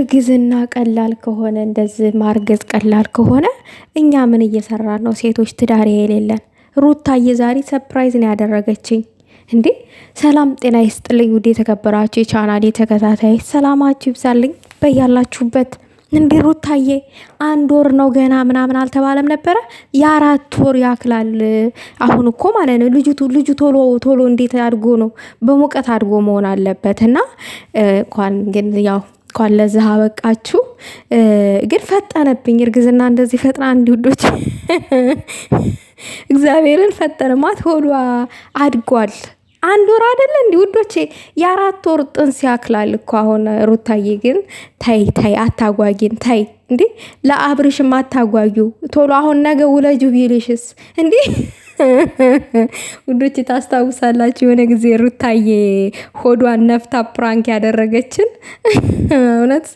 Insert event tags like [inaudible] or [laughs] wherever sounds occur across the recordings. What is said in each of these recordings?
እርግዝና ቀላል ከሆነ እንደዚህ ማርገዝ ቀላል ከሆነ እኛ ምን እየሰራ ነው? ሴቶች ትዳር የሌለን። ሩታዬ ዛሬ ሰፕራይዝ ነው ያደረገችኝ እንዴ! ሰላም ጤና ይስጥልኝ ውድ የተከበራችሁ የቻናሌ ተከታታይ ሰላማችሁ ይብዛልኝ በያላችሁበት። እንዴ ሩታዬ አንድ ወር ነው ገና ምናምን አልተባለም ነበረ? የአራት ወር ያክላል። አሁን እኮ ማለት ነው ልጅቱ ልጁ ቶሎ ቶሎ እንዴት አድጎ ነው በሙቀት አድጎ መሆን አለበት። እና እንኳን ግን ያው እንኳን ለዚህ አበቃችሁ። ግን ፈጠነብኝ። እርግዝና እንደዚህ ፈጥና እንዲውዶች [laughs] እግዚአብሔርን ፈጠነ ማት ሆዷ አድጓል። አንድ ወር አይደለ እንዲ ውዶቼ፣ የአራት ወር ጥንስ ያክላል እኮ አሁን። ሩታዬ ግን ታይ ታይ አታጓጊን ታይ እንዴ፣ ለአብርሽም አታጓጊው ቶሎ አሁን ነገ ውለጁ ቢልሽስ እንዴ [laughs] ውዶች ታስታውሳላችሁ? የሆነ ጊዜ ሩታዬ ሆዷን ነፍታ ፕራንክ ያደረገችን [laughs] እውነት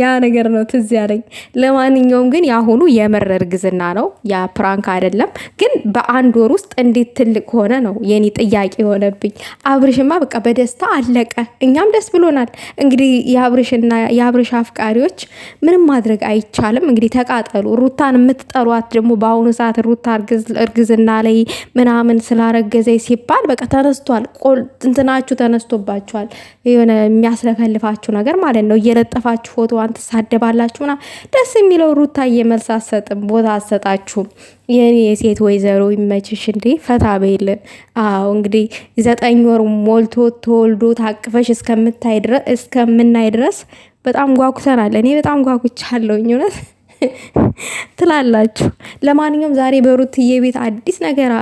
ያ ነገር ነው ትዝ ያለኝ። ለማንኛውም ግን የአሁኑ የምር እርግዝና ነው፣ ያ ፕራንክ አይደለም። ግን በአንድ ወር ውስጥ እንዴት ትልቅ ሆነ ነው የኔ ጥያቄ የሆነብኝ። አብርሽማ በቃ በደስታ አለቀ፣ እኛም ደስ ብሎናል። እንግዲህ የአብርሽና የአብርሽ አፍቃሪዎች ምንም ማድረግ አይቻልም። እንግዲህ ተቃጠሉ። ሩታን የምትጠሏት ደግሞ በአሁኑ ሰዓት ሩታ እርግዝና ቡና ላይ ምናምን ስላረገዘ ሲባል በቃ ተነስቷል። እንትናችሁ ተነስቶባችኋል። የሆነ የሚያስለፈልፋችሁ ነገር ማለት ነው። እየለጠፋችሁ ፎቶዋን ና ደስ የሚለው ሩታ እየመልስ አሰጥም ቦታ አሰጣችሁም። የኔ የሴት ወይዘሮ ይመችሽ እንዴ ፈታ ቤል። አዎ እንግዲህ ዘጠኝ ወር ሞልቶ ተወልዶ ታቅፈሽ እስከምናይ ድረስ በጣም ጓጉተናል። እኔ በጣም ጓጉቻለሁ እውነት ትላላችሁ። ለማንኛውም ዛሬ በሩትዬ ቤት አዲስ ነገር